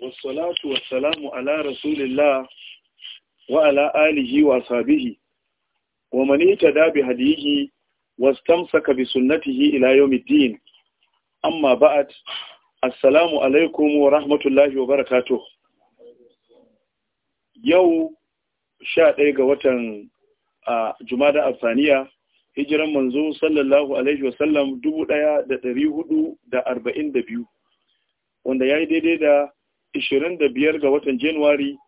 wasalatu wasalamu ala rasulillah wa ala alihi wa sahbihi wa man ittaba bi hadihi wastamsaka bi sunnatihi ila yawmiddin amma ba'd assalamu alaikum wa rahmatullahi wa barakatuh yau 11 ga watan jumada afsaniya hijiran manzo sallallahu alaihi wa da 1442 wanda yayi daidai da 25 ga watan Januwari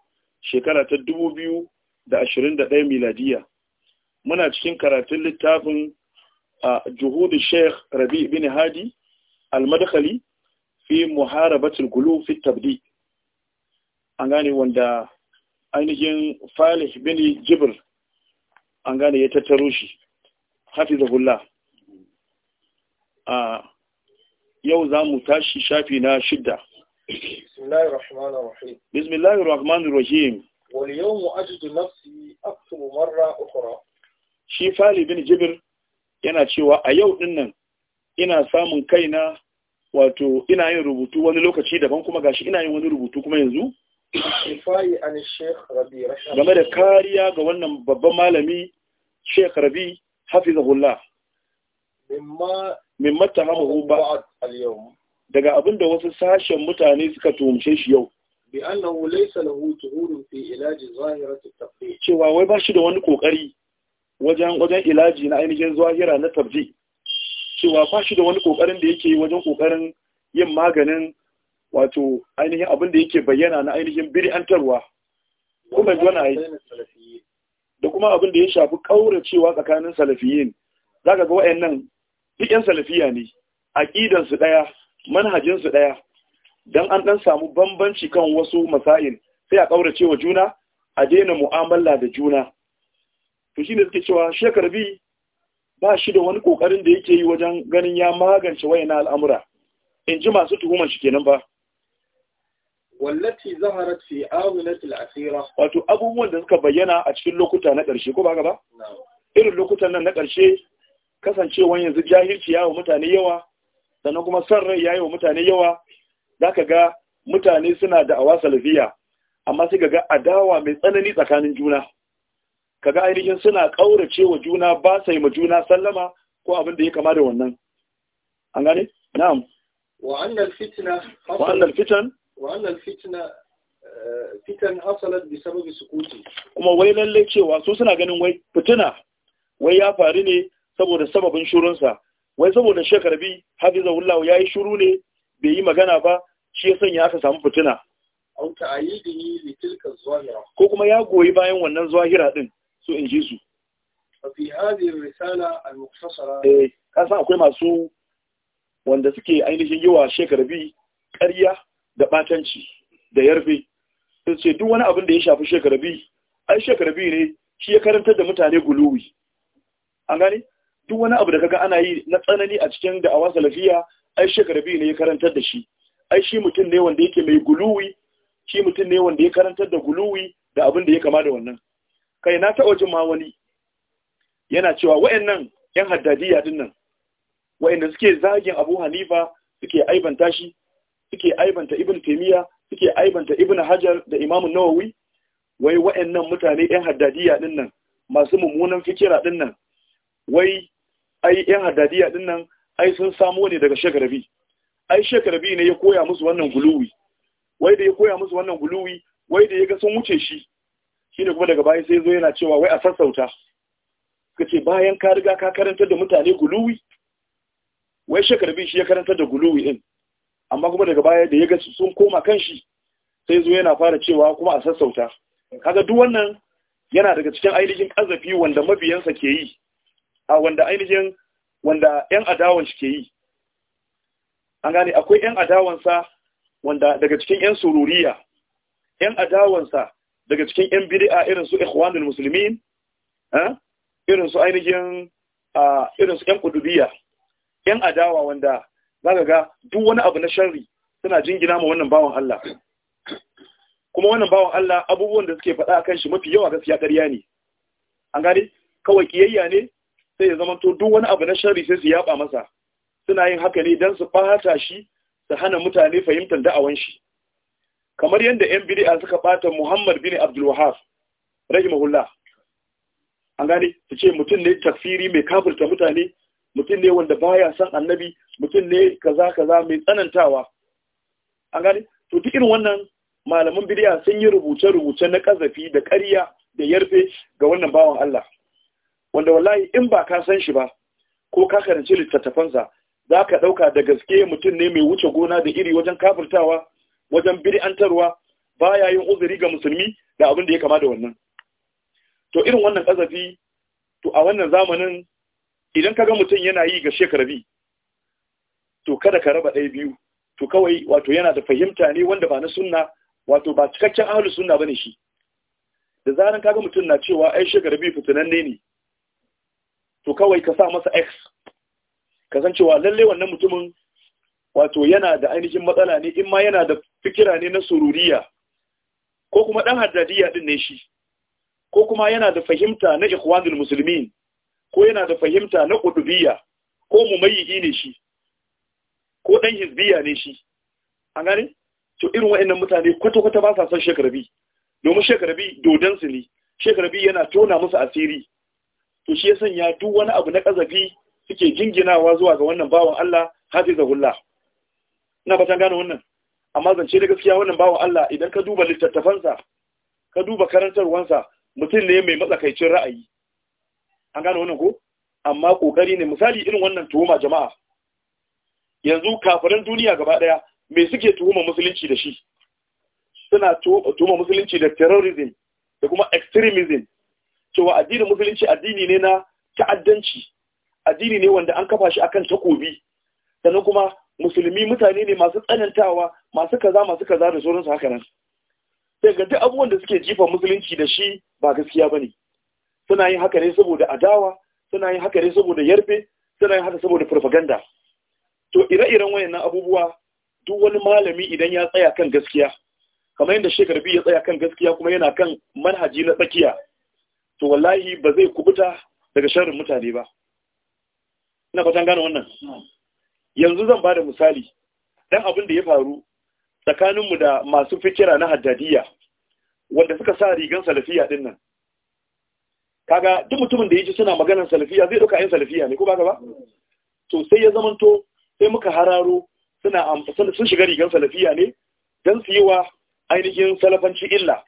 shekara ta 2021 miladiya. Muna cikin karatun littafin a Juhudu Sheikh Rabi bin Hadi al-Madkhali fi muharabatul gulu fi tabdi. An gane wanda ainihin Falih bin Jibr an gane ya tattaro shi. Hafizahullah. A yau za mu tashi shafi na shidda. بسم الله الرحمن الرحيم بسم الله الرحمن الرحيم واليوم أجد نفسي أكتب مرة أخرى shi fali bin jibir yana cewa a yau dinnan ina samun kaina wato ina yin rubutu wani lokaci daban kuma gashi ina yin rubutu kuma yanzu game da kariya ga wannan babban malami sheikh rabi hafizahullah mimma tahamu ba al-yawm daga abin da wasu sashen mutane suka tuhumce shi yau bi annahu laysa lahu tuhurun fi ilaji zahirati tafdid cewa wai ba shi da wani kokari wajen wajen ilaji na ainihin zahira na tafdi cewa ba shi da wani kokarin da yake wajen kokarin yin maganin wato ainihin abin da yake bayyana na ainihin bid'antarwa kuma ji wani da kuma abin da ya shafi kauracewa tsakanin salafiyin ka ga wa'annan duk yan salafiya ne Aƙidansu ɗaya manhajinsu ɗaya don an ɗan samu bambanci kan wasu masail sai a ƙaurace wa juna a daina mu'amala da juna to shi ne suke cewa shekar bi ba shi da wani ƙoƙarin da yake yi wajen ganin ya magance wayana al'amura in ji masu tuhuman shi kenan ba wallati zaharat fi wato abubuwan da suka bayyana a cikin lokuta na ƙarshe ko ba ga ba irin lokutan nan na ƙarshe kasancewan yanzu jahilci wa mutane yawa sannan kuma son rai ya yi wa mutane yawa za ka ga mutane suna da awa salafiya amma sai ga adawa mai tsanani tsakanin juna ka ga ainihin suna ƙaurace wa juna ba sai ma juna sallama ko abin da ya kama da wannan an gane na'am wa annal fitna wa fitan wa annal fitna eh, fitan hasalat bi sababi sukuti kuma wai lalle cewa su suna ganin wai fitina wai ya faru ne saboda sababin shurunsa wai saboda Sheikh Rabi ya yi shiru ne bai yi magana ba shi ya sanya aka samu fitina au li tilka ko kuma ya goyi bayan wannan zahira din so in ji su fi hadhihi risala al-mukhtasara eh kasan akwai masu wanda suke ainihin yiwa shekar bi ƙarya da batanci da yarfe sai ce duk wani abin da ya shafi shekar bi ai shekar bi ne shi ya karantar da mutane guluwi an gane duk wani abu da kaga ana yi na tsanani a cikin da da'awa salafiya ai biyu ne ya karantar da shi ai shi mutum ne wanda yake mai guluwi shi mutum ne wanda ya karantar da guluwi da abin da ya kama da wannan kai na taɓa jin ma wani yana cewa wayannan yan haddadiya din nan wayanda suke zagin Abu Hanifa suke aibanta shi suke aibanta Ibn Taymiya suke aibanta Ibn Hajar da Imam Nawawi wai wayannan mutane yan haddadiya din nan masu mummunan fikira din nan wai ai yan haddadiya din nan ai sun samo ne daga shekarabi ai shekarabi ne ya koya musu wannan guluwi wai da ya koya musu wannan guluwi wai da ya ga sun wuce shi shine kuma daga baya sai zo yana cewa wai a sassauta kace bayan ka riga ka karantar da mutane guluwi wai shekarabi shi ya karantar da guluwi din amma kuma daga baya da ya ga sun koma kan shi sai zo yana fara cewa kuma a sassauta kaga duk wannan yana daga cikin ainihin kazafi wanda mabiyansa ke yi a wanda ainihin wanda yan adawan shi ke yi an gane akwai yan adawansa wanda daga cikin yan sururiya yan adawansa daga cikin yan bid'a irin su ikhwanul muslimin irin su ainihin irin su yan kudubiya yan adawa wanda zaka ga duk wani abu na sharri suna jingina ma wannan bawan Allah kuma wannan bawan Allah abubuwan da suke faɗa kan shi mafi yawa gaskiya ƙarya ne an gane kawai kiyayya ne sai ya zama to duk wani abu na sharri sai su yaba masa suna yin haka ne don su ɓata shi su hana mutane fahimtar da'awan shi kamar yadda 'yan bid'a suka bata muhammad bin abdul Wahhab rahimahullah an gane su ce mutum ne tafsiri mai kafirta mutane mutum ne wanda baya son annabi mutum ne kaza kaza mai tsanantawa an gane to duk irin wannan malaman bid'a sun yi rubuce-rubuce na kazafi da ƙarya da yarfe ga wannan bawan Allah wanda wallahi in ba ka san shi ba ko ka karanci littattafansa za ka ɗauka da gaske mutum ne mai wuce gona da iri wajen kafirtawa wajen ba ya yin uzuri ga musulmi da abin da ya kama da wannan to irin wannan kazafi to a wannan zamanin idan ka ga mutum yana yi ga bi to kada ka raba ɗaya biyu to kawai wato yana da fahimta ne wanda ba na sunna wato ba cikakken ahlu sunna ne shi da zaran ga mutum na cewa ai fitinan ne ne to kawai ka sa masa x kasancewa lalle wannan mutumin wato yana da ainihin matsala ne in ma yana da fikira ne na sururiya ko kuma dan haddadiya din ne shi ko kuma yana da fahimta na ikhwanul muslimin ko yana da fahimta na qutubiyya ko mumayyi ne shi ko dan hizbiya ne shi an gane to irin wa'annan mutane kwata-kwata ba sa son shekarabi domin shekarabi dodansu ne shekarabi yana tona musu asiri to shi ya sanya duk wani abu na kazafi suke jinginawa zuwa ga wannan bawan Allah hula. ina fatan gane wannan amma zance da gaskiya wannan bawan Allah idan ka duba littattafansa ka duba karantarwansa mutum ne mai matsakaicin ra'ayi an gane wannan ko amma kokari ne misali irin wannan tuhuma jama'a yanzu kafiran duniya gaba ɗaya me suke tuhuma musulunci da shi suna tuhuma musulunci da terrorism da kuma extremism cewa addinin musulunci addini ne na ta'addanci addini ne wanda an kafa shi akan takobi sannan kuma musulmi mutane ne masu tsanantawa masu kaza masu kaza da sauransu haka nan sai ga duk abubuwan da suke jifa musulunci da shi ba gaskiya bane suna yin haka ne saboda adawa suna yin haka ne saboda yarfe suna yin haka saboda propaganda to ire-iren wayannan abubuwa duk wani malami idan ya tsaya kan gaskiya kamar yadda shekaru biyu ya tsaya kan gaskiya kuma yana kan manhaji na tsakiya to wallahi ba zai kubuta daga sharrin mutane ba ina fatan gane wannan yanzu zan bada misali dan abin da ya faru tsakaninmu da masu fikira na haddadiya wanda suka sa rigan salafiya din nan kaga duk mutumin da ya ci suna maganar salafiya zai ɗauka yin salafiya ne ko ba ba to sai ya zamanto sai muka hararo suna sun shiga rigan salafiya ne don su yi wa ainihin salafanci illa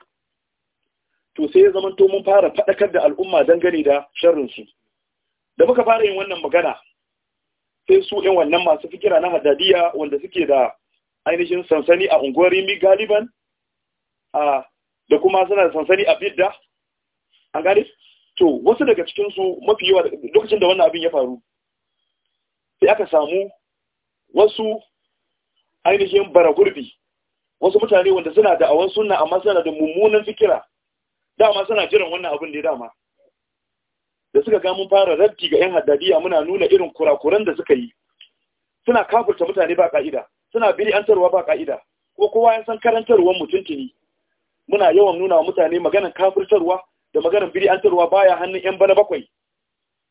to sai ya zama mun fara faɗakar da al'umma dangane da sharrinsu da muka fara yin wannan magana sai su yan wannan masu fikira na hadadiya wanda suke da ainihin sansani a unguwar mi galiban da kuma suna da sansani a bidda an gane to wasu daga cikinsu mafi yawa lokacin da wannan abin ya faru sai aka samu wasu ainihin bara gurbi wasu mutane wanda suna da awon suna amma suna da mummunan fikira dama suna jiran wannan abin da ya dama da suka ga mun fara raddi ga 'yan haddadiya muna nuna irin kurakuran da suka yi suna kafurta mutane ba ka'ida suna tarwa ba ka'ida ko kowa ya san karantarwar tuni muna yawan nuna wa mutane maganan kafurtarwa da maganar birantarwa baya hannun 'yan bana bakwai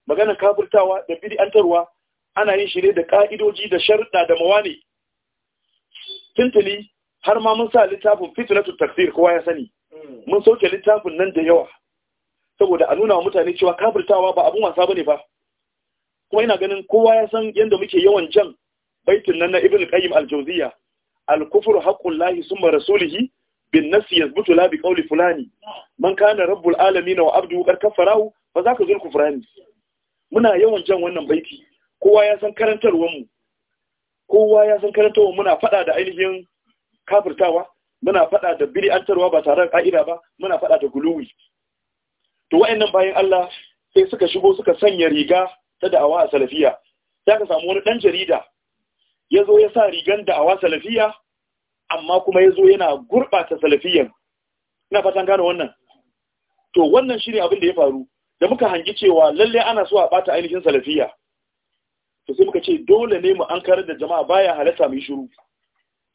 maganan kafurtawa da tarwa ana yin shirye da ka'idoji da sharuɗa da ne. tuntuni har ma mun sa littafin fitnatul takfir kowa ya sani Mm. mun sauke littafin nan da yawa saboda a nuna wa mutane cewa kafirtawa ba abin wasa bane ba kuma ina ganin kowa ya san yadda muke yawan jan baitin nan na ibn qayyim al-jawziya al-kufru haqqul lahi summa rasulihi bin nafsi yazbutu la bi qawli fulani man kana rabbul alamin wa abdu qad kafarahu fa zaka zul kufrani muna yawan jan wannan baiti kowa ya san karantarwar mu kowa ya san karantarwar muna fada da ainihin kafirtawa muna faɗa da bid'antarwa ba tare da ka'ida ba muna faɗa da guluwi to wayannan bayan Allah sai suka shigo suka sanya riga ta da'awa a salafiya sai ka samu wani dan jarida yazo zo ya sa rigan da'awa salafiya amma kuma ya yana gurɓata salafiyan ina fatan gane wannan to wannan shine abin da ya faru da muka hangi cewa lalle ana so a bata ainihin salafiya to sai muka ce dole ne mu ankarar da jama'a baya halatta mu shiru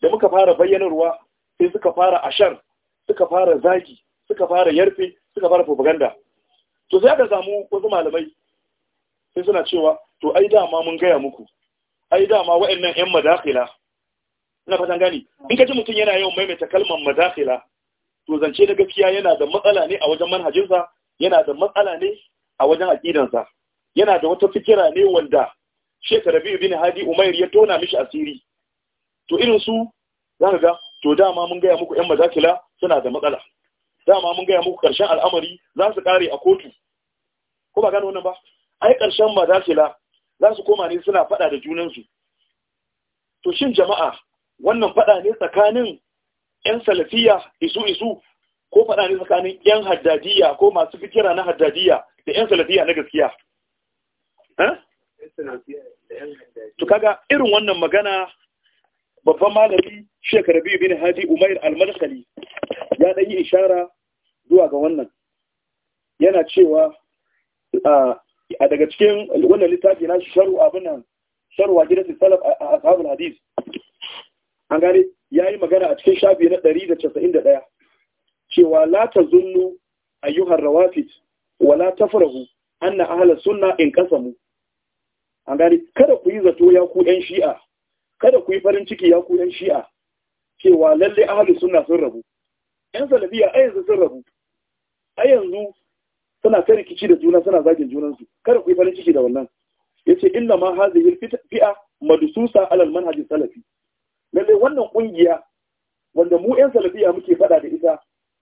da muka fara bayyanarwa sai suka fara ashar suka fara zagi suka fara yarfe suka fara propaganda to sai aka samu wasu malamai sai suna cewa to ai dama mun gaya muku ai dama wa'annan yan madakila ina fatan gani in ka ji mutum yana yawan maimaita kalmar madakila to zance na gaskiya yana da matsala ne a wajen manhajinsa yana da matsala ne a wajen aqidansa yana da wata fikira ne wanda Sheikh Rabi'u bin Hadi Umair ya tona mishi asiri to irin su zaka ga to dama mun gaya muku 'yan majakila suna da matsala dama mun gaya muku karshen al'amari za su ƙare a kotu ko ba gano wannan ba ai ƙarshen majakila za su koma ne suna faɗa da junansu to shin jama'a wannan faɗa ne tsakanin 'yan salafiya isu isu ko faɗa ne tsakanin 'yan haddadiya ko masu fikira na haddadiya da 'yan salafiya na gaskiya eh? to kaga irin wannan magana babban malami Sheikh biyu, bin haji Umair Al-Madkhali ya dan yi ishara zuwa ga wannan yana cewa a daga cikin wannan littafi na sharu abin nan sharu gidansu salaf a ashabul hadis an gane yi magana a cikin shafi na 191 cewa la tazunnu ayyuhar rawafid wa farahu an na ahalar suna in mu an gane kada ku yi zato ya ku yan shi'a kada ku yi farin ciki ya ku yan shi'a cewa lalle ahalus sunna sun rabu yan salafiya a yanzu sun rabu a yanzu suna ta rikici da juna suna zagin junansu kada ku yi farin ciki da wannan yace inna ma hadhihi fi'a madususa ala manhaj salafi lalle wannan kungiya wanda mu yan salafiya muke fada da ita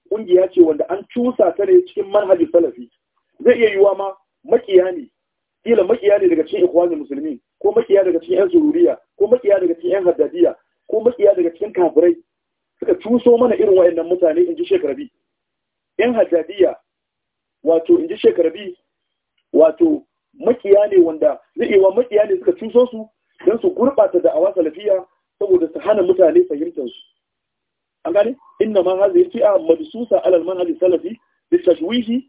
kungiya ce wanda an cusa ta ne cikin manhaj salafi zai iya yiwa ma makiya ne kila makiya ne daga cikin ikhwanul musulmin. ko makiya daga cikin yan zururiya ko makiya daga cikin yan haddadiya ko makiya daga cikin kafirai suka cuso mana irin wayannan mutane in ji shekarabi yan haddadiya wato in ji shekarabi wato makiya ne wanda zai wa makiya ne suka tuso su don su gurɓata awa salafiya saboda su hana mutane fahimtar su an gane inna ma hazi a madususa alal manhaji salafi bi tashwihi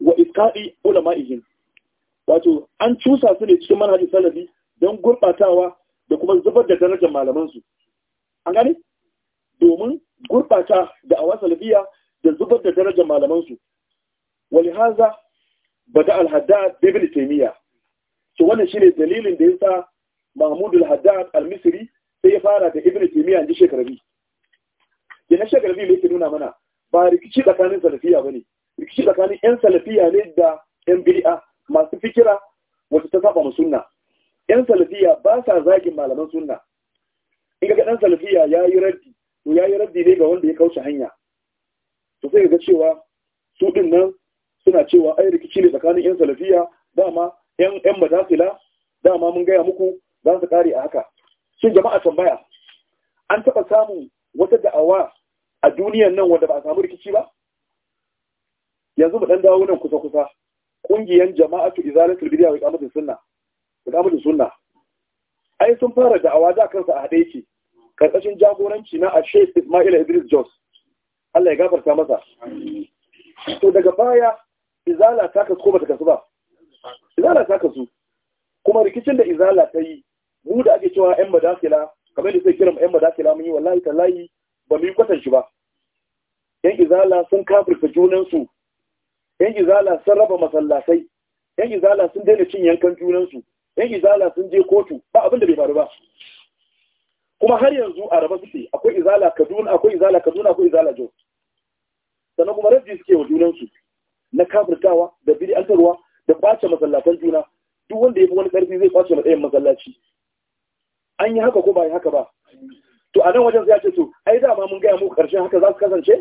wa isqa'i ulama'ihim wato an cusa su ne cikin manhajin salafi don gurbatawa da kuma zubar da darajar malamansu an gane domin gurɓata da awa salafiya da zubar da darajar malamansu wali haza bada al-haddad bibin taimiyya to wannan shine dalilin da yasa mahmud al-haddad al-misri sai ya fara da ibn taimiyya inji shekarabi yana shekarabi ne ke nuna mana ba rikici tsakanin salafiya bane rikici tsakanin yan salafiya ne da yan bid'a masu fikira wasu ta saba sunna yan salafiya ba sa zagin malaman sunna in ga dan salafiya ya yi raddi to ya yi raddi ne ga wanda ya kaushe hanya to sai ga cewa su din nan suna cewa ai rikici ne tsakanin yan salafiya dama yan yan madafila dama mun gaya muku za su kare a haka shin jama'a tambaya an taɓa samun wata da'awa a duniyan nan wanda ba a samu rikici ba yanzu mu dan dawo nan kusa kusa kungiyan jama'atu izalatul bid'a wa iqamatus sunna da sunna ai sun fara da'awa da kansa a hade yake karkashin jagoranci na Sheikh Ismail Idris Jos Allah ya gafarta masa to daga baya izala ta kasu ko bata kasu ba izala ta kasu kuma rikicin da izala ta yi mu da ake cewa yan madakila kamar da sai kira yan madakila mun yi wallahi tallahi ba mu yi kwatan shi ba yan izala sun kafirta junansu yan izala sun raba masallatai yan izala sun daina cin yankan junansu yan izala sun je kotu ba abin da bai faru ba kuma har yanzu a raba suke akwai izala kaduna akwai izala kaduna akwai izala jo sannan kuma rabbi suke wa junansu na kafirtawa da bid'antarwa da kwace masallatan juna duk wanda ya fi wani karfi zai kwace matsayin masallaci an yi haka ko ba yi haka ba to a nan wajen zai ce to ai dama mun gaya muku karshen haka za su kasance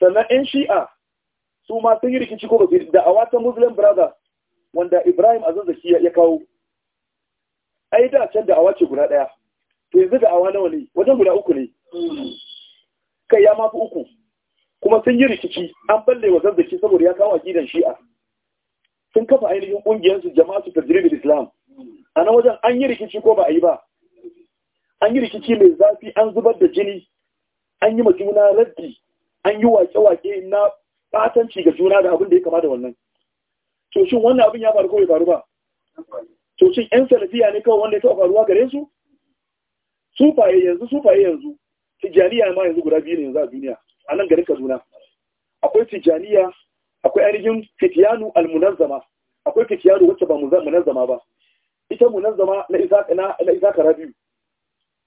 sannan yan shi'a su ma sun yi rikici ko ba su yi da'awa ta muslim brother wanda Ibrahim a zazzaki ya kawo ai da can da'awa ce guda ɗaya to yanzu da'awa nawa ne wajen guda uku ne kai ya mafi uku kuma sun yi rikici an balle wa zazzaki saboda ya kawo a gidan shi'a sun kafa ainihin ƙungiyarsu ta jirgin islam a nan wajen an yi rikici ko ba a yi ba an yi rikici mai zafi an zubar da jini an yi ma juna raddi an yi wake-wake na batanci ga juna da abin da ya kama da wannan to shin wannan abin ya faru ko bai faru ba to shin yan salafiya ne kawai wanda ya taɓa faruwa gare su sufaye yanzu sufaye yanzu tijjaniya ma yanzu guda biyu ne yanzu a duniya a nan garin kaduna akwai tijjaniya akwai ainihin fitiyanu almunazzama akwai fitiyanu wacce ba munazzama ba ita munazzama na isa na isa shi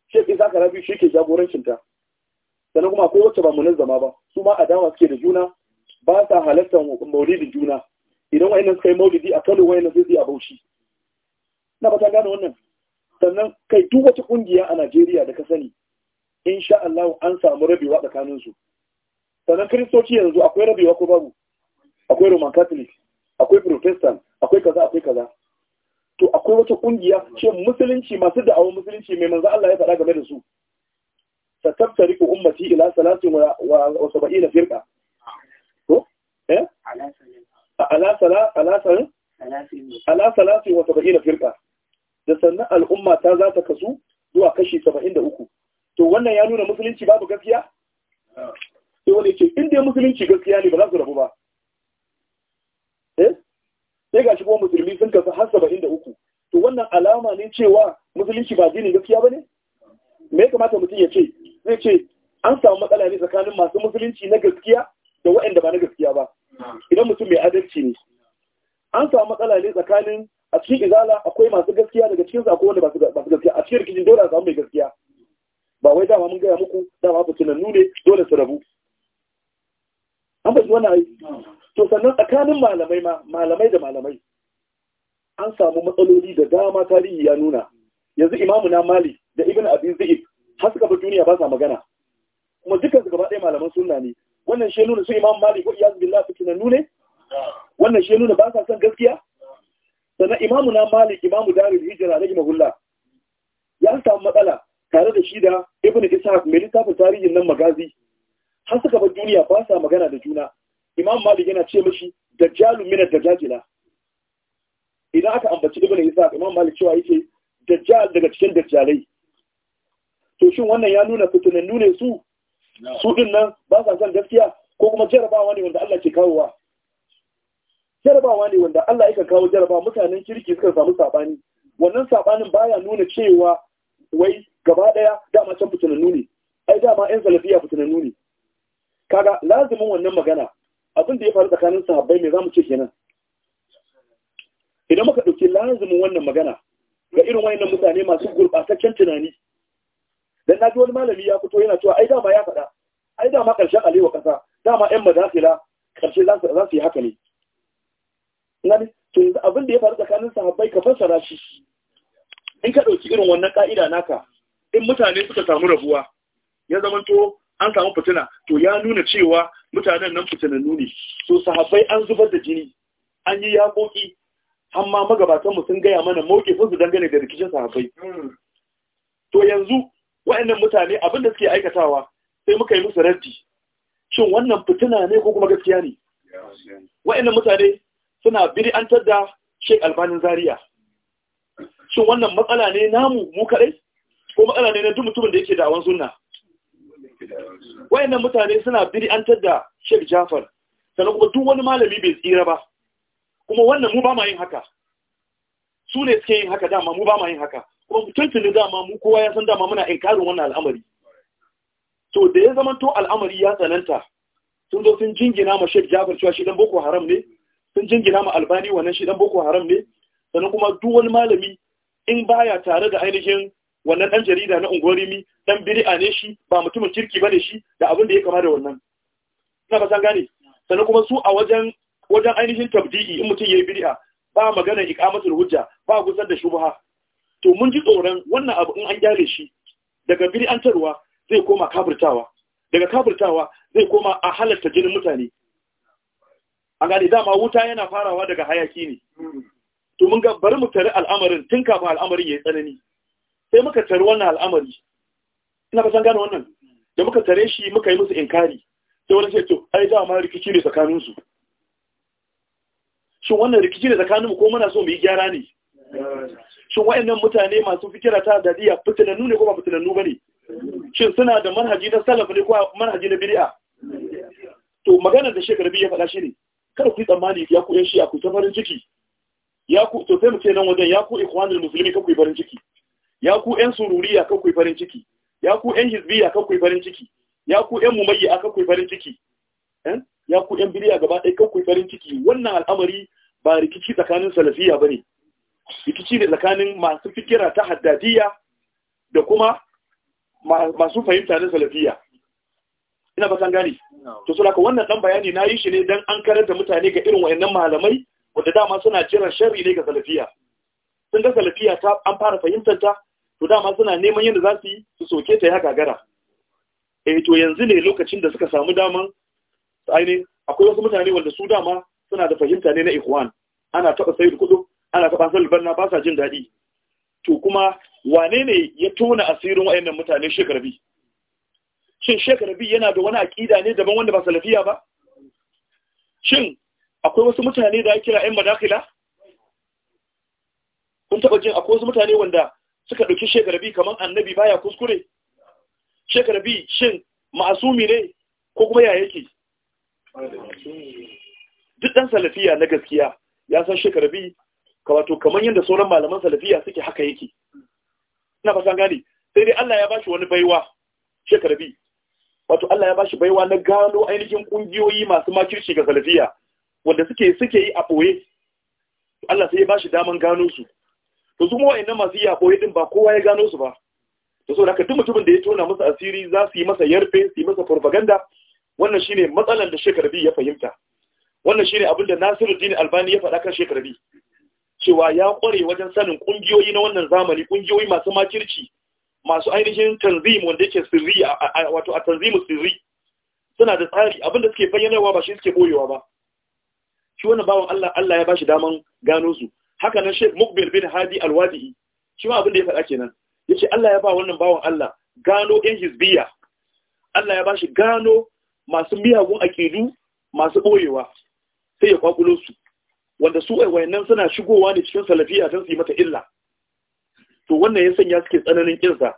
shek isa karabiyu shi ke jagorancin ta sannan kuma akwai wacce ba munazzama ba su ma adawa suke da juna ba sa halartar maulidin juna idan wayannan suka yi maulidi a Kano wayannan sai a Bauchi na fata gane wannan sannan kai duk wata kungiya a Najeriya da ka sani insha Allah an samu rabewa tsakanin su sannan kristoci yanzu akwai rabewa ko babu akwai Roman Catholic akwai Protestant akwai kaza akwai kaza to akwai wata ƙungiya ce musulunci masu da'awar musulunci mai manzo Allah ya faɗa game da su ta tattari ku ummati ila salatin wa na firqa to eh ala sala ala sala ala firka, da sannan al'umma ta za ta kasu zuwa kashi da uku, to wannan ya nuna musulunci babu gaskiya sai wani ce in dai musulunci gaskiya ne ba za su rabu ba eh sai gashi kuma musulmi sun kasu har da uku, to wannan alama ne cewa musulunci ba dinin gaskiya ba ne? me ya kamata mutum ya ce zai ce an samu matsala ne tsakanin masu musulunci na gaskiya da waɗanda ba na gaskiya ba idan mutum mai adalci ne an samu matsala ne tsakanin a cikin izala akwai masu gaskiya daga cikin sako wanda ba su gaskiya a cikin rikicin dole a samu mai gaskiya ba wai dama mun gaya muku dama fitinannu ne dole su rabu an faɗi wannan ai to sannan tsakanin malamai ma malamai da malamai an samu matsaloli da dama tarihi ya nuna yanzu imamu na mali da ibn abin zaib har suka bar duniya ba sa magana kuma dukkan su gaba ɗaya malaman sunna ne wannan shi nuna su imam malik ko iyaz billah su tunanu ne wannan shi nuna ba sa son gaskiya sannan imamu na malik imamu darul hijra hula. ya samu matsala tare da shi da ibnu ishaq mai littafin tarihin nan magazi har suka bar duniya ba sa magana da juna imam malik yana ce mishi dajjalu min da idan aka ambaci ibnu ishaq imam malik cewa yake dajjal daga cikin dajjalai to shin wannan ya nuna fitinannu ne su su din nan ba sa san gaskiya ko kuma jarabawa ne wanda Allah ke kawowa jarabawa ne wanda Allah yake kawo jaraba mutanen kirki suka samu sabani wannan sabanin baya nuna cewa wai gaba daya dama can fitinannu ne ai dama yan salafiya fitinannu ne kaga lazimin wannan magana abin da ya faru tsakanin sahabbai me zamu ce kenan idan muka dauki lazimin wannan magana ga irin wayannan mutane masu gurbataccen tunani dan naji wani malami ya fito yana cewa ai dama ya faɗa ai dama ƙarshen alewa ƙasa dama yan madafila ƙarshe za su yi haka ne ngani abin da ya faru tsakanin sahabbai ka fassara shi in ka ɗauki irin wannan ƙa'ida naka in mutane suka samu rabuwa ya zamanto an samu fitina to ya nuna cewa mutanen nan fitinannu ne to sahabbai an zubar da jini an yi yaƙoƙi amma mu sun gaya mana mawuƙifin su dangane da rikicin sahabbai hmm. to yanzu wa'annan mutane abin da suke aikatawa sai muka yi musu raddi shin wannan fitina ne ko kuma gaskiya ne wa'annan mutane suna an da sheik Albanin Zaria shin wannan matsala ne namu mu kadai ko matsala ne na duk mutumin da yake da suna? sunna mutane suna an da sheik Jafar sannan kuma duk wani malami bai tsira ba kuma wannan mu ba ma yin haka su ne suke yin haka dama mu ba ma yin haka kuma da dama mu kowa ya san dama muna inkarin wannan al'amari to da ya zama to al'amari ya tsananta sun zo sun jingina ma shek Jafar cewa shi dan Boko Haram ne sun jingina ma Albani wannan shi dan Boko Haram ne sannan kuma duk wani malami in baya tare da ainihin wannan dan jarida na ungorimi dan bid'a ne shi ba mutumin kirki bane shi da abin da ya kama da wannan ina ba san gane sannan kuma su a wajen wajen ainihin tabdi'i in mutum ya yi bid'a ba magana iqamatul hujja ba gusar da shubha to mun ji tsoron wannan abu in an gyare shi daga bid'antarwa zai koma kafirtawa daga kafirtawa zai koma a halarta jinin mutane a gane dama wuta yana farawa daga hayaki ne to mun ga bari mu tare al'amarin tun kafin al'amarin ya yi tsanani sai muka tare wannan al'amari ina ba san gane wannan da muka tare shi muka yi musu inkari sai wani sai to ai dama rikici ne tsakanin su shin wannan rikici ne tsakaninmu ko muna so mu yi gyara ne shin wayannan mutane masu fikira ta dadiya fitinannu ne ko ba fitinannu ne shin suna da manhaji na salaf ne ko manhaji na bid'a to maganar da shekaru biyu ya faɗa shi ne kada ku yi tsammani ya ku yan shi ku ta farin ciki ya ku to sai mu ce nan wajen ya ku ikhwanul muslimi kan ku farin ciki ya ku yan sururiya kan ku farin ciki ya ku yan hizbiya kan ku farin ciki ya ku yan mumayya kan ku farin ciki eh? ya ku yan bid'a gaba ɗaya kan ku farin ciki wannan al'amari ba rikici tsakanin salafiya bane rikici ne tsakanin masu fikira ta haddadiya da kuma masu fahimta na salafiya ina ba san gani to sai laka wannan dan bayani na yi shi ne dan an karanta mutane ga irin wayannan malamai wanda dama suna jiran sharri ne ga salafiya sun ga salafiya ta an fara fahimtar ta to dama suna neman yadda za su yi su soke ta ya gagara eh to yanzu ne lokacin da suka samu daman aini akwai wasu mutane wanda su dama suna da fahimta ne na ikhwan ana taba sayyid kudu ana taba sal banna ba sa jin dadi to kuma wane ne ya tona asirin wa'annan mutane shekarbi shin shekarbi yana da wani aƙida ne daban wanda ba salafiya ba shin akwai wasu mutane da ya kira 'Yan madakila kun taɓa jin akwai wasu mutane wanda suka ɗauki shekarbi kamar annabi baya kuskure shekarbi shin ma'asumi ne ko kuma ya yake duk ɗan salafiya na gaskiya ya san shekarbi ka wato kamar yadda sauran malaman salafiya suke haka yake ina ba san gane sai dai Allah ya bashi wani baiwa bi wato Allah ya bashi baiwa na gano ainihin kungiyoyi masu makirci ga salafiya wanda suke suke yi a boye Allah sai ya bashi daman gano su to su kuma masu yi a boye din ba kowa ya gano su ba to saboda haka duk mutumin da ya tona masa asiri za su yi masa yarfe su yi masa propaganda wannan shine matsalan da bi ya fahimta wannan shine abin da Nasiru Nasiruddin Albani ya faɗa kan bi cewa ya kware wajen sanin ƙungiyoyi na wannan zamani kungiyoyi masu makirci masu ainihin tanzim wanda yake sirri wato a tanzimu sirri suna da tsari abinda suke bayyanarwa ba shi suke boyewa ba shi wannan bawan Allah Allah ya bashi daman gano su haka nan Sheikh Mukbil bin Hadi Al-Wadihi shi ma abin da ya faɗa kenan yace Allah ya ba wannan bawan Allah gano 'yan biya Allah ya bashi gano masu miyagun akidu masu boyewa sai ya kwakulo su wanda su wayannan suna shigowa ne cikin salafiya don su yi mata illa to wannan ya sanya suke tsananin kinsa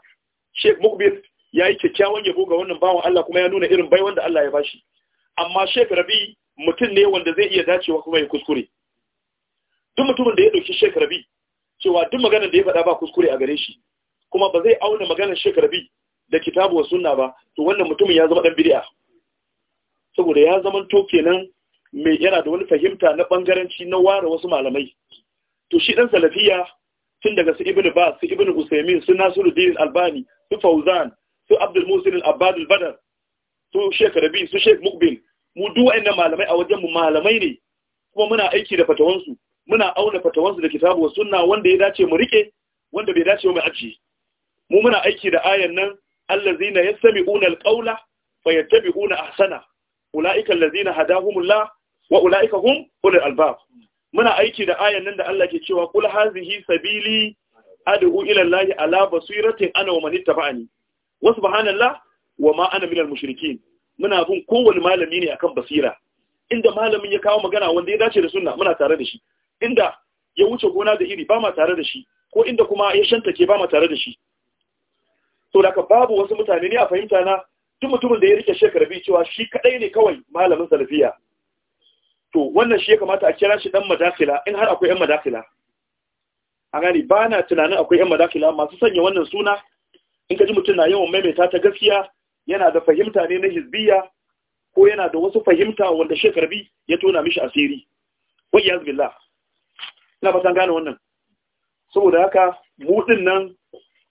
Sheikh Mukbir ya yi kyakkyawan yabo ga wannan bawan Allah kuma ya nuna irin bai wanda Allah ya bashi amma Sheikh Rabi mutum ne wanda zai iya dacewa kuma ya kuskure duk mutumin da ya dauki Sheikh Rabi cewa duk maganar da ya faɗa ba kuskure a gare shi kuma ba zai auna maganar Sheikh Rabi da kitabu wa sunna ba to wannan mutumin ya zama dan bid'a saboda ya zama to kenan mai yana da wani fahimta na bangaranci na ware wasu malamai to shi dan salafiya tun daga su ibnu Ba su ibnu usaymin su nasiruddin albani su fauzan su abdul musin al-abbad al-badr su sheikh rabi su sheikh mukbil mu duk wayannan malamai a wajen mu malamai ne kuma muna aiki da fatawansu muna auna fatawansu da kitabu wa sunna wanda ya dace mu rike wanda bai dace mu aji. mu muna aiki da ayan nan allazina yastami'una al-qawla fayattabi'una ahsana ulaika allazina hadahumullah wa ulaika hum ulul albab muna aiki da ayan nan da Allah ke cewa qul hazihi sabili ad'u ila allahi ala basiratin ana wa man ittaba'ani wa subhanallah wa ma ana minal mushrikin muna bin kowane malami ne akan basira inda malamin ya kawo magana wanda ya dace da sunna muna tare da shi inda ya wuce gona da iri ba ma tare da shi ko inda kuma ya ke ba ma tare da shi to daga babu wasu mutane ne a fahimta na duk mutumin da ya rike shekarabi cewa shi kadai ne kawai malamin salafiya to wannan shi ya kamata a kira shi dan madakila in har akwai yan madakila a gani ba na tunanin akwai yan madakila masu sanya wannan suna in ka ji mutum na yawan maimaita ta gaskiya yana da fahimta ne na hizbiya ko yana da wasu fahimta wanda shekarbi ya tona mishi asiri wai ya zubilla ina san gane wannan saboda haka mu nan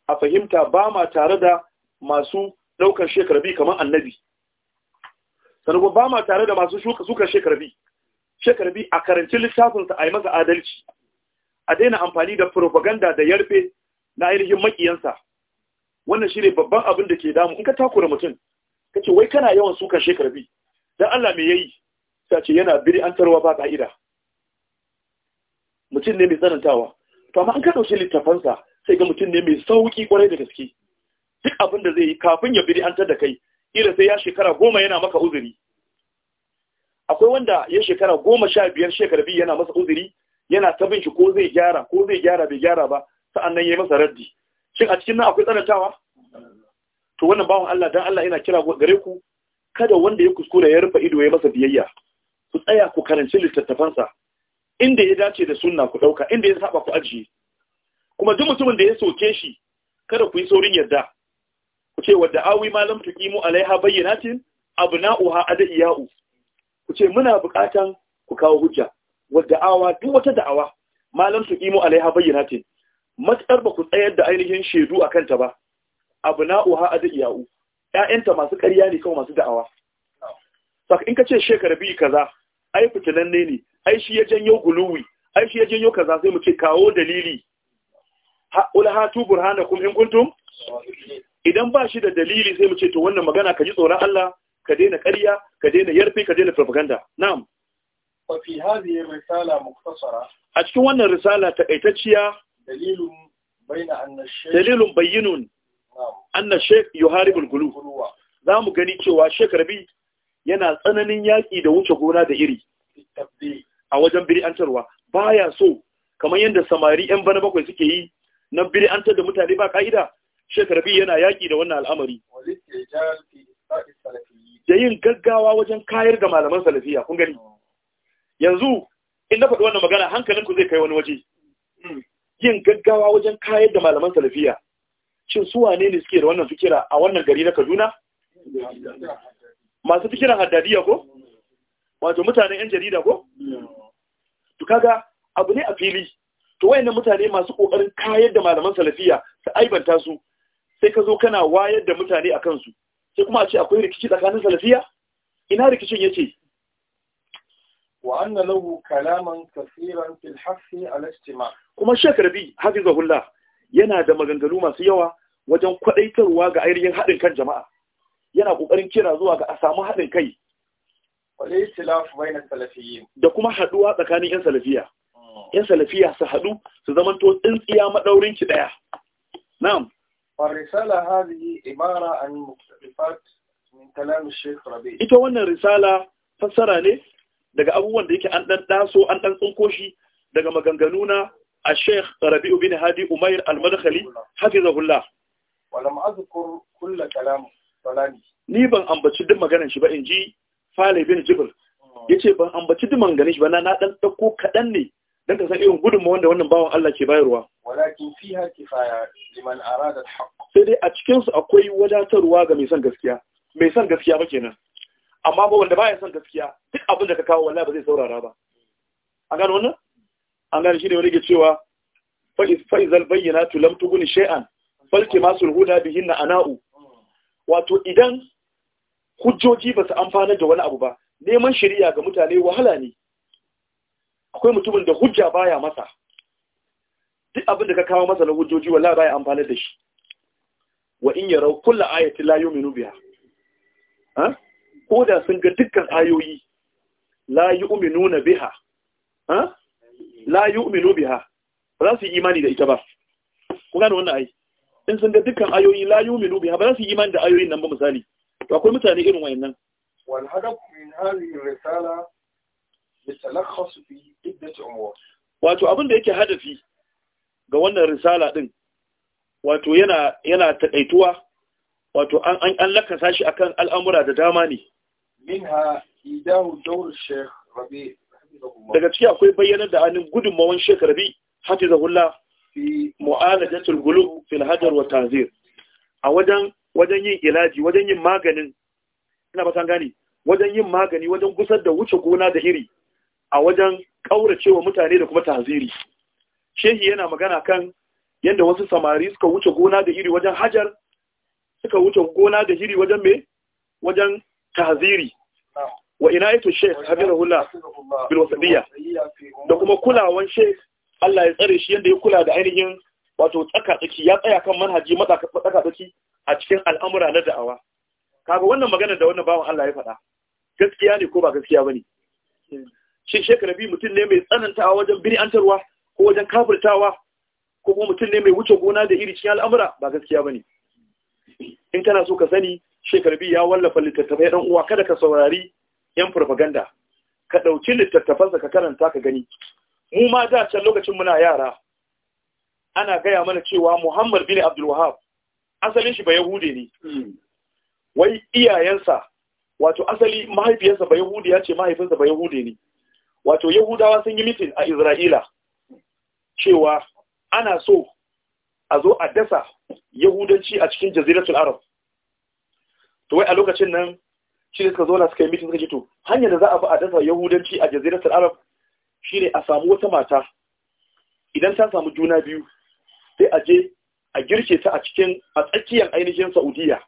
a fahimta ba ma tare da masu ɗaukar shekarbi kamar annabi sannan ba ma tare da masu shuka shekarbi shekarbi a karanci littafinsa a yi masa adalci a daina amfani da propaganda da yarfe na ainihin makiyansa wannan shi ne babban abin da ke damu in ka takura mutum ka ce wai kana yawan sukan shekarbi don allah me ya yi ta yana biri an tarwa ba ka'ida mutum ne mai tsanantawa to amma an ka ɗauki littafansa sai ga mutum ne mai sauƙi kwarai da gaske duk abin da zai yi kafin ya biri an da kai ila sai ya shekara goma yana maka uzuri akwai wanda ya shekara goma sha biyar shekara biyu yana masa uzuri yana ta bin ko zai gyara ko zai gyara bai gyara ba sa'an nan ya yi masa raddi shin a cikin nan akwai tsanantawa to wannan bawan Allah dan Allah yana kira gare ku kada wanda ya kuskura ya rufe ido ya masa biyayya ku tsaya ku karanci littattafansa inda ya dace da sunna ku ɗauka, inda ya saba ku ajiye kuma duk mutumin da ya soke shi kada ku yi saurin yarda ku ce wadda awi malam tuqimu alaiha a abna'uha adiyau ku ce muna bukatan ku kawo hujja wa da'awa duk wata da'awa malam su kimo alaiha bayyana ce matsar ba ku tsayar da ainihin shaidu a kanta ba abu a da 'ya'u. ƴaƴanta masu ƙarya ne kawai masu da'awa saka in ka ce shekara biyu kaza ai fitilanne ne ai shi ya janyo guluwi ai shi ya janyo kaza sai mu ce kawo dalili ulhatu kuma in kuntum idan ba shi da dalili sai mu ce to wannan magana ka ji tsoron Allah ka daina ƙarya ka daina yarfe, ka daina propaganda na'am fa fi hadhihi risala mukhtasara a cikin wannan risala takaitacciya dalilun bayna anna shaykh dalilun bayyinun anna shaykh yuharibul qulub za gani cewa shaykh rabi yana tsananin yaƙi da wuce gona da iri a wajen biri'antarwa baya so kamar yadda samari 'yan bana bakwai suke yi na biri'antar da mutane ba ka'ida shekarabi yana yaki da wannan al'amari da yin gaggawa wajen kayar da malaman salafiya kun gani yanzu in na faɗi wannan magana hankalinku zai kai wani waje yin gaggawa wajen kayar da malaman salafiya shin su wane ne suke da wannan fikira a wannan gari na Kaduna masu fikiran haddadiya ko wato mutanen yan jarida ko to kaga abu ne a fili to wayannan mutane masu kokarin kayar da malaman salafiya su aibanta su sai ka zo kana wayar da mutane a kansu. sai kuma a ce akwai rikici tsakanin salafiya ina rikicin yake wa anna lahu kalaman kaseeran fil hafi al istima kuma bi hafizahullah yana da maganganu masu yawa wajen kwadaitarwa ga ayyukan haɗin kan jama'a yana kokarin kira zuwa ga a samu haɗin kai da kuma haɗuwa tsakanin 'yan salafiya 'yan hmm. salafiya su haɗu su zamanto tsintsiya madaurinki ɗaya na'am فالرسالة هذه عبارة ita wannan risala fassara ne daga abubuwan da yake an dan daso an ɗan tsinko shi daga maganganu na a Sheikh Rabi'u bin Hadi Umair Al-Madkhali hafizahullah walam ni ban ambaci duk maganar shi ba inji Fale bin Jibril hmm. yace ban ambaci duk maganar shi ba na na dan dauko kadan ne dan ka san irin gudunmawa wanda wannan bawan Allah ke bayarwa walakin fiha kifaya liman arada alhaq sai dai a cikin su akwai wadatarwa ga mai son gaskiya mai son gaskiya ba kenan amma ba wanda baya son gaskiya duk abin da ka kawo wallahi ba zai saurara ba an gano wannan an gano shi ne wani ke cewa fa'izal bayyana lam tuguni shay'an falki masul huda Bihinna ana'u wato idan hujjoji ba su amfana da wani abu ba neman shari'a ga mutane wahala ne akwai mutumin da hujja baya masa duk abin da ka kawo masa na hujjoji wallahi baya amfani da shi wa in yarau kullu ayati la yu'minu biha ha ko da sun ga dukkan ayoyi la yu'minuna biha ha la yu'minu biha ba za su yi imani da ita ba ku gane wannan ai in sun ga dukkan ayoyi la yu'minu biha ba za su yi imani da ayoyin nan ba misali to akwai mutane irin wayannan wal hadaf min hadhihi risala wato abin da yake hadafi ga wannan risala din wato yana yana takaituwa wato an an, an lakasa shi akan al'amura da dama ne minha idahu dawr sheikh rabi daga ciki akwai bayyanar da anin gudunmawan sheikh rabi hafizahullah fi mu'alajatul gulub fil hajar wa tazir, a wajen wajen yin ilaji wajen yin maganin ina ba san gani wajen yin magani wajen gusar da wuce gona da iri a wajen wa mutane da kuma taziri shehi yana magana kan yadda wasu samari suka wuce gona da iri wajen hajar suka wuce gona da iri wajen me wajen taziri wa ina yato sheikh hafizahullah bil wasadiyya da kuma kulawan sheikh Allah ya tsare shi yadda ya kula da ainihin wato tsaka tsaki ya tsaya kan manhaji matsaka tsaki a cikin al'amura na da'awa kaga wannan magana da wannan bawan Allah ya faɗa gaskiya ne ko ba gaskiya ba ne? shi shekara biyu mutum ne mai tsanantawa wajen bir'antarwa ko wajen kafirtawa ko kuma mutum ne mai wuce gona da iri cikin al'amura ba gaskiya ba ne. in kana so ka sani shekara biyu ya wallafa littattafai ɗan uwa kada ka saurari yan farfaganda. ka ɗauki littattafansa ka karanta ka gani mu ma da can lokacin muna yara ana gaya mana cewa Muhammad bin Abdul Wahab asalin shi ba Yahude ne wai iyayensa wato asali mahaifiyarsa ba Yahudiya ce mahaifinsa ba Yahude ne wato yahudawa sun yi mitin a isra'ila cewa ana so a zo a dasa yahudanci a cikin jaziratul arab to wai a lokacin nan shi ne suka zo na suka yi mitin suka jito hanyar da za a bi a dasa yahudanci a jaziratul arab shi ne a samu wata mata idan ta samu juna biyu sai a je a girke ta a cikin a tsakiyar ainihin saudiya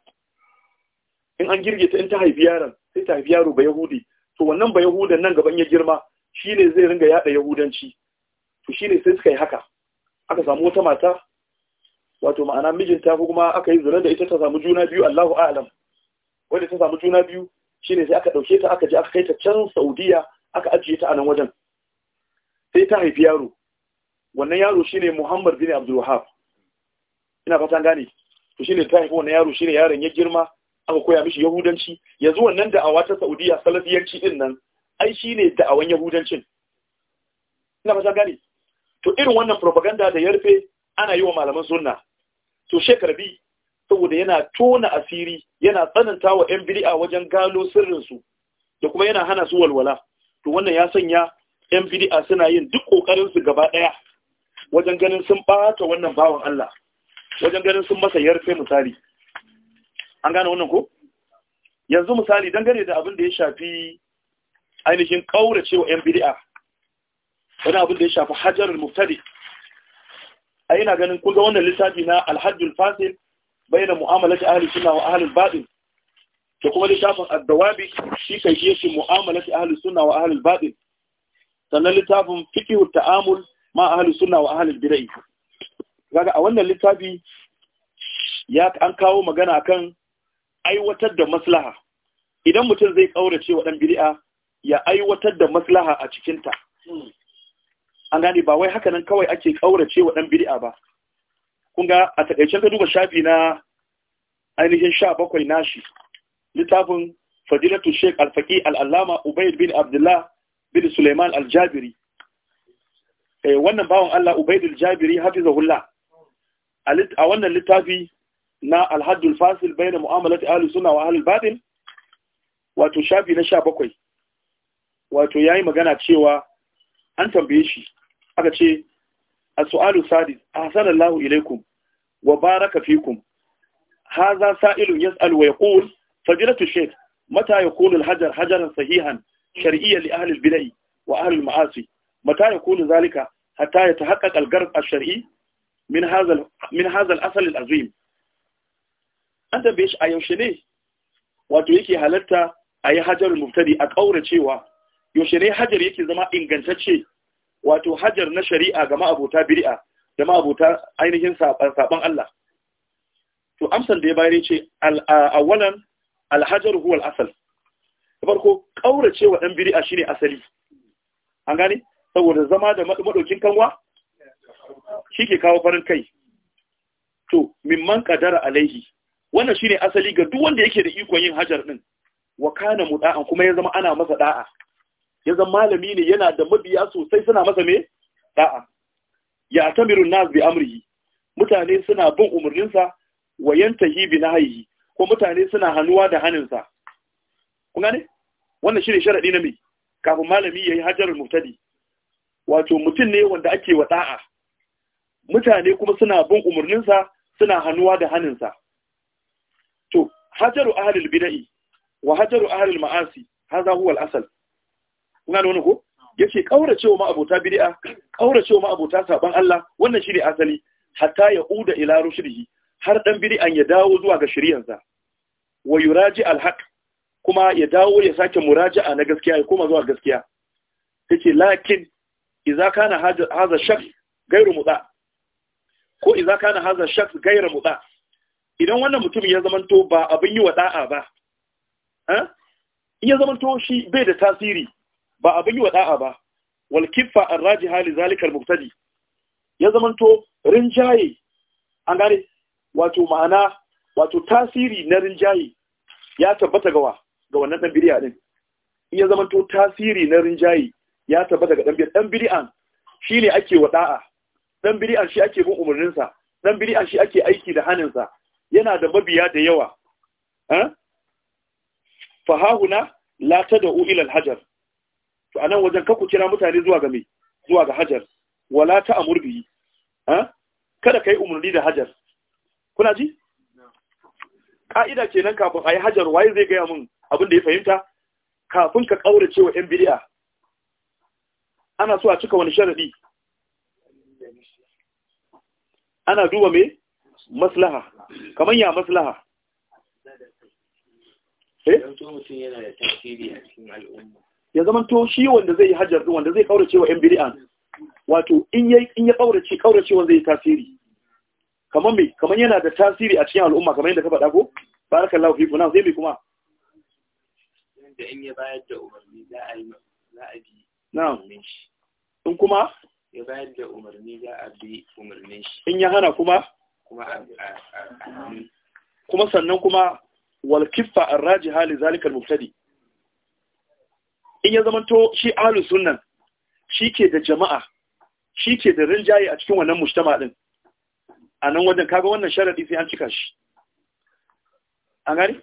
in an girge ta in ta haifi yaron sai ta haifi yaro ba yahudi to wannan ba yahudan nan gaban ya girma shi ne zai ringa yada yahudanci to shi ne sai suka yi haka aka samu wata mata wato ma'ana mijinta ko kuma aka yi zina da ita ta samu juna biyu Allahu a'lam wanda ta samu juna biyu shine sai aka dauke ta aka je aka kai ta can Saudiya aka ajiye ta a nan wajen sai ta haifi yaro wannan yaro shine Muhammad bin Abdul Wahhab ina fatan gane to shine ta haifi wannan yaro shine yaron ya girma aka koya mishi yahudanci yanzu wannan da'awa ta Saudiya salafiyanci din nan ai shi ne da'awan yahudancin ina fata gani. to irin wannan propaganda da ya rufe ana yi wa malaman sunna to shekarbi saboda yana tona asiri yana tsananta wa 'yan bid'a wajen gano sirrinsu da kuma yana hana su walwala to wannan ya sanya 'yan bid'a suna yin duk ƙoƙarinsu gaba ɗaya wajen ganin sun ɓata wannan bawan Allah wajen ganin sun masa yarfe misali an gane wannan ko yanzu misali dangane da abin da ya shafi ainihin kaurace wa 'yan bid'a wani abin da ya shafi hajarar muftadi a yana ganin kun ga wannan lissafi na alhajjul fasil bayyana mu'amalati ahalin suna wa ahalin baɗin? da kuma littafin addawabi shi kai yake mu'amalati ahalin suna wa ahalin baɗin? sannan littafin fiqhu ta'amul ma ahalin suna wa ahalin bid'ah kaga a wannan littafi ya an kawo magana kan aiwatar da maslaha idan mutum zai kaurace ɗan dan bid'a ya aiwatar da maslaha a cikinta hmm. an gani ba wai haka nan kawai ake ƙaurace wa ɗan bid'a ba Kunga a takaicen ka duba shafi na ainihin sha bakwai nashi littafin fadilatu sheik alfaki al'allama ubaid bin abdullah bin suleiman al aljabiri eh, wannan bawan allah ubaid aljabiri Hula. a wannan littafi na alhaddul fasil bai na mu'amalat ahalus suna wa ahalul batin wato shafi na sha bakwai wato yi magana cewa an tambaye shi aka ce a sualu sadis ahsanallahu ilaikum wa baraka fikum hadha sa'ilun yas'al wa yaqul fadilatu shaykh mata yakunu hajar hajaran sahihan shar'iyyan li ahli al wa ahli maasi mata yakunu zalika hatta ya al-garb al-shar'i min hadha min azim an tambaye shi a yaushe ne wato yake halarta a yi hajjar muftari a ƙaura cewa yaushe ne hajar yake zama ingantacce wato hajar na shari'a ga ma'abota biri'a da ma'abota ainihin saban Allah to amsan da ya bayar ce awwalan alhajar huwal asal, asal farko ƙaurace wa dan shi shine asali an gane saboda zama da maɗaukin kanwa shi ke kawo farin kai to mimman qadara alaihi wannan shine asali ga duk wanda yake da ikon yin hajar ɗin wa kana ɗa'a kuma ya zama ana masa ɗa'a. ya zama malami ne yana da mabiya sosai suna masa me da'a ya tamirun nas bi amrihi mutane suna bin umarninsa wa yantahi bi nahyi ko mutane suna hannuwa da haninsa kun gane wannan shine sharadi na me kafin malami yayi hajarul mubtadi wato mutum ne wanda ake wa da'a mutane kuma suna bin umarninsa suna hannuwa da haninsa to hajaru ahlul bid'ah wa hajaru ahlul ma'asi hadha huwa al-asal kun gano wani ko yace kauracewa ma abota bid'a kauracewa ma abota saban Allah wannan shine asali hatta ya uda ila rushdihi har dan bid'an ya dawo zuwa ga shari'arsa wa yuraji alhaq kuma ya dawo ya sake muraja'a na gaskiya ya koma zuwa gaskiya yace lakin idza kana hadha shakhs gairu muda ko idza kana hadha shakhs gairu muda idan wannan mutum ya zamanto ba abin yi wada'a ba ba eh? in ya zamanto shi bai da tasiri ba abin yi wa da'a ba wal kiffa raji hali zalikal muftadi ya zamanto rinjaye an gane wato ma'ana wato tasiri na rinjaye ya tabbata gawa ga wannan dan bid'a din in ya zamanto tasiri na rinjaye ya tabbata ga dan bid'a dan ne shine ake wa da'a dan bid'an shi ake bin umarnin sa dan bid'an shi ake aiki da hannun sa yana da mabiya da yawa eh fa hahuna la tad'u ila al-hajar to anan wajen ka ku kira mutane zuwa ga me zuwa ga hajar wala ta amur bihi ha kada kai umurni da hajar kuna ji ka'ida kenan kafin ayi hajar waye zai gaya mun abin da ya fahimta kafin ka kaura cewa yan bid'a ana so a cika wani sharadi ana duba me maslaha kamar ya maslaha eh a cikin al'umma ya zamanto shi wanda zai yi hajjar wanda zai kaurace wa 'yan bid'an wato in ya in ya kaurace kauracewa zai tasiri kamar me kamar yana da tasiri a cikin al'umma kamar yadda ka faɗa ko barakallahu fiku na sai me kuma da in ya bayar da umarni za a yi za a bi na'am shi in kuma ya bayar da umarni za a bi umarnin shi in ya hana kuma kuma a kuma sannan kuma wal kiffa arrajiha li zalika mubtadi in ya zama to shi ahlus sunan shi ke da jama'a shi ke da rinjaye a cikin wannan mujtama din a nan wajen kaga wannan sharaɗi sai an cika shi an gani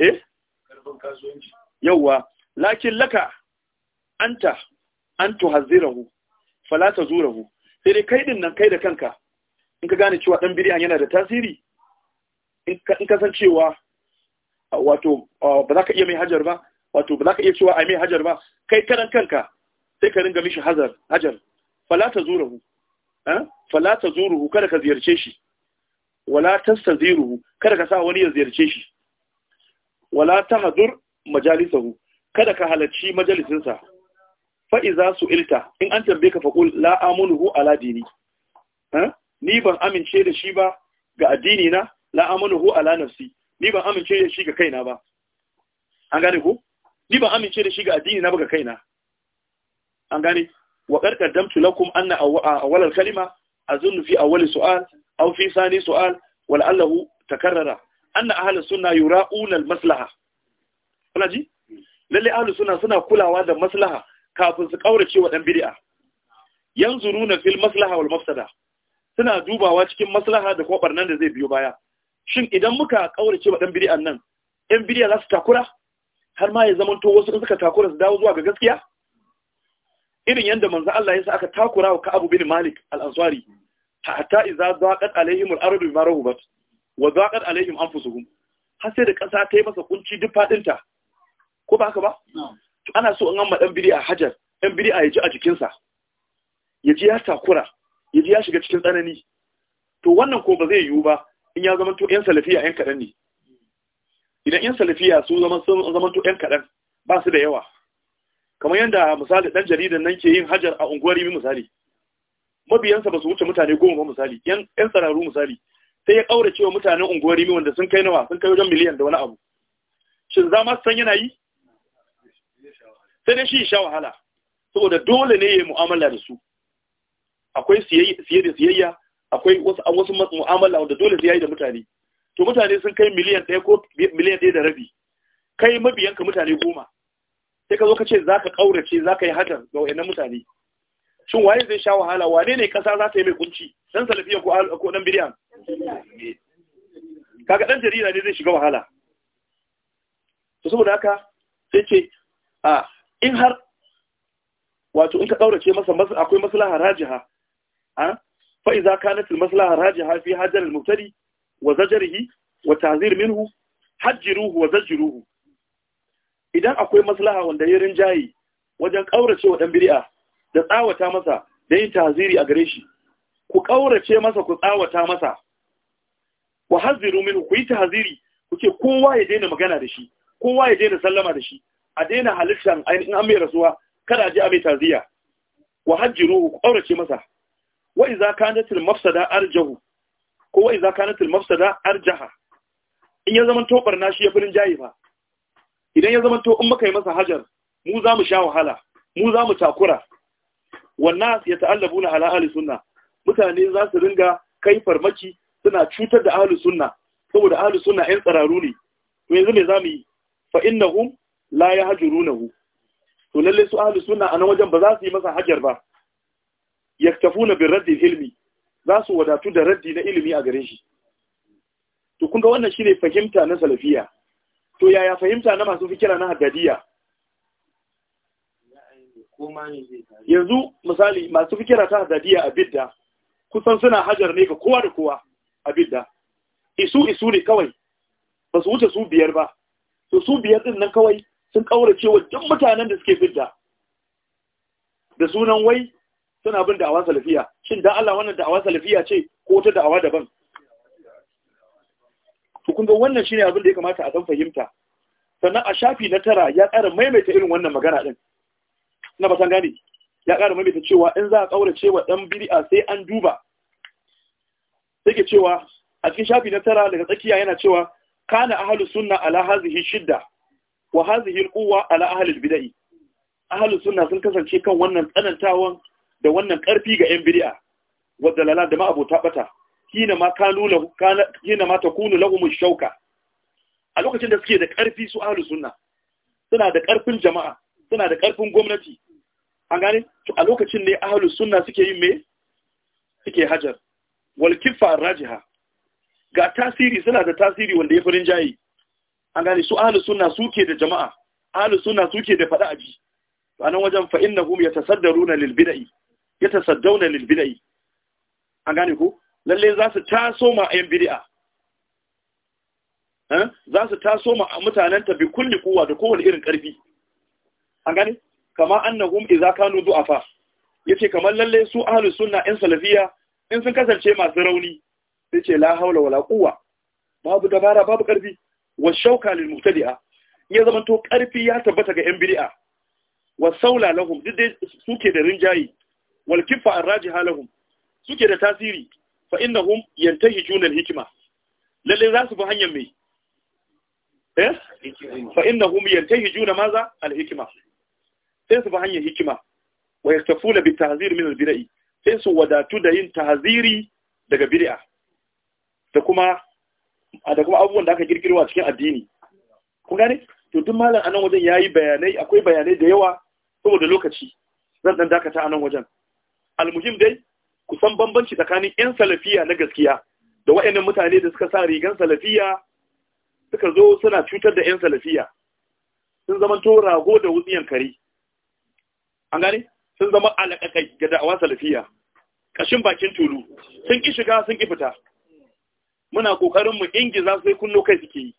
eh karfin kasuwanci yawwa lakin laka anta an tuhazzirahu falata tazurahu sai dai kai din nan kai da kanka in ka gane cewa dan biriyan yana da tasiri in kasancewa wato ba za ka iya mai hajjar ba wato ba za ka iya cewa a mai hajar ba kai karan kanka sai ka ringa mishi hajar hajar fala tazuruhu eh fala tazuruhu kada ka ziyarce shi wala tastaziruhu kada ka sa wani ya ziyarce shi wala tahdur majalisahu kada ka halarci majalisinsa fa'iza su ilta in an tambaye ka faƙul la'amunuhu ala dini eh? ni ban amince da shi ba ga addini na la'amunuhu ala nafsi ni ban amince da shi ga kaina ba an gane ku ni ban amince da shi ga addini na buga kaina an gane wa qarqaddamtu lakum anna awwal kalima azun fi awwal su'al aw fi sani su'al wal allahu takarrara anna ahlus sunna yura'una al-maslaha kana ji lalle ahlus sunna suna kulawa da maslaha kafin su kaurace wa dan bid'a yanzuruna fil maslaha wal mafsada suna dubawa cikin maslaha da kuma nan da zai biyo baya shin idan muka kaurace wa dan bid'an nan ɗan bid'a za su takura har ma ya zamanto wasu in suka takura su dawo zuwa ga gaskiya irin yadda manzo Allah ya sa aka takura wa Ka'ab bin Malik al-Ansari hatta iza zaqat alaihim al-ardu bima rahubat wa zaqat alaihim anfusuhum har sai da kasa ta yi masa kunci duk fadin ta ko ba haka ba to ana so in an dan biri a hajar dan biri a yaji a cikin sa yaji ya takura yaji ya shiga cikin tsanani to wannan ko ba zai yiwu ba in ya zama to yan salafiya yan kadan ne idan yan salafiya su zama sun zama to yan kaɗan ba su da yawa kamar yadda misali ɗan jaridan nan ke yin hajar a unguwar yi misali mabiyansa ba su wuce mutane goma ba misali yan tsararru misali sai ya ƙaura cewa mutanen unguwar yi wanda sun kai nawa sun kai wajen miliyan da wani abu shin za ma san yana yi sai dai shi sha wahala saboda dole ne ya mu'amala da su akwai siye da siyayya akwai wasu mu'amala wanda dole sai yi da mutane to mutane sun kai miliyan ɗaya ko miliyan ɗaya da rabi kai mabiyanka mutane goma sai ka zo ka ce za ka ƙaurace za ka yi hatar ga wa'annan mutane shin waye zai sha wahala wane ne ƙasa za ta yi mai kunci ɗan salafiya ko ɗan biliyan kaga ɗan jarida ne zai shiga wahala to saboda haka sai ce a in har wato in ka ƙaurace masa akwai maslaha rajiha a fa'iza kanatul kanat al maslaha rajiha fi hajjar al mubtadi wa zajrihi wa ta'zir minhu hajjiruhu wa zajruhu idan akwai maslaha wanda ya rinjaye wajen kaurace wa dan bid'a da tsawata masa da yin ta'ziri a gare shi ku kaurace masa ku tsawata masa wa haziru minhu ku yi ta'ziri kuke kowa ya daina magana da shi kowa ya daina sallama da shi a daina halittar ainihin an mai rasuwa kada a ji a mai ta'ziya wa hajjiruhu ku kaurace masa wa idza kanatil mafsada arjahu ko wai ka na tilmafsada arjaha in ya zama tobar barna shi ya firin jayi ba idan ya zama to in muka yi masa hajar mu za mu sha wahala mu za mu takura wannan ya ta'allabu na ala ahli sunna mutane za su ringa kai farmaki suna cutar da ahli sunna saboda ahli sunna ɗan tsararu ne to yanzu me za mu yi fa innahum la yahjurunahu to lalle su ahli sunna a nan wajen ba za su yi masa hajar ba yaktafuna bi raddil ilmi za su wadatu da raddi na ilimi a gare shi to kun ga wannan shine fahimta na salafiya to yaya fahimta na masu fikira na haddadiya yanzu misali masu fikira ta haddadiya a bidda kusan suna hajar ne ga kowa da kowa a bidda isu isu ne kawai ba su wuce su biyar ba to su biyar din nan kawai sun ƙaurace wa duk mutanen da suke bidda da sunan wai suna bin da'awa salafiya shin dan Allah wannan da'awa salafiya ce ko ta da'awa daban to kun ga wannan shine abin da ya kamata a san fahimta sannan a shafi na tara ya ƙara maimaita irin wannan magana din ina ba san gane ya ƙara maimaita cewa in za a kaura wa dan bid'a sai an duba sai cewa a cikin shafi na tara daga tsakiya yana cewa kana ahlus sunna ala hadhihi shidda wa hadhihi alquwa ala ahli ahlus sunna sun kasance kan wannan tsanantawan da wannan karfi ga yan bid'a Wadda dalala da ma abota bata kina ma kanu lahu kina ma takunu lahum shauka a lokacin da suke da karfi su ahlus sunna suna da karfin jama'a suna da karfin gwamnati an gane to a lokacin ne ahlus sunna suke yin me suke hajar wal kifa rajiha ga tasiri suna da tasiri wanda ya furin jayi an gane su ahlus sunna suke da jama'a ahlus sunna suke da fada aji to anan wajen fa innahum yatasaddaruna lil bid'i ya tasaddauna lil bid'i an gane ko lalle za su taso ma ayan bid'a eh za su taso ma mutanen ta bi kulli kuwa da kowane irin karfi an gane kama annahum idza kanu du'afa yace kamar lalle su ahlus sunna 'yan salafiya in sun kasance masu rauni yace ce la haula wala quwwa babu dabara babu karfi wa shauka lil mubtadi'a ya to karfi ya tabbata ga yan bid'a wa saula lahum duk dai suke da rinjayi wal kiffa an raji suke da tasiri fa innahum yantahijuna al hikma lalle za su bi hanyar mai eh fa innahum yantahijuna maza al hikma sai su bi hanyar hikima wa yaktafuna bi tahzir min al sai su wadatu da yin tahziri daga bid'a da kuma da kuma abubuwan da aka kirkirwa cikin addini kun gane to duk malam anan wajen yayi bayanai akwai bayanai da yawa saboda lokaci zan dan dakata anan wajen almuhim dai ku san bambanci tsakanin yan salafiya na gaskiya da wa'annan mutane da suka sa rigan salafiya suka zo suna cutar da yan salafiya sun zama to rago da wutsiyan kare an gane sun zama alaƙaƙai ga da'awa salafiya ƙashin bakin tulu sun ki shiga sun ki fita muna ƙoƙarin mu ingiza sai kunno kai suke yi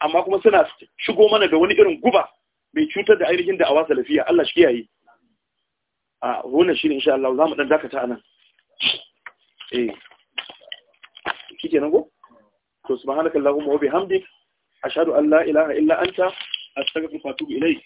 amma kuma suna shigo mana da wani irin guba mai cutar da ainihin da'awa salafiya Allah shi kiyaye a wannan shi ne insha Allah za mu ɗan dakata anan eh kike nan go to subhanakallahumma wa bihamdik ashhadu an la ilaha illa anta astaghfiruka wa atubu ilayk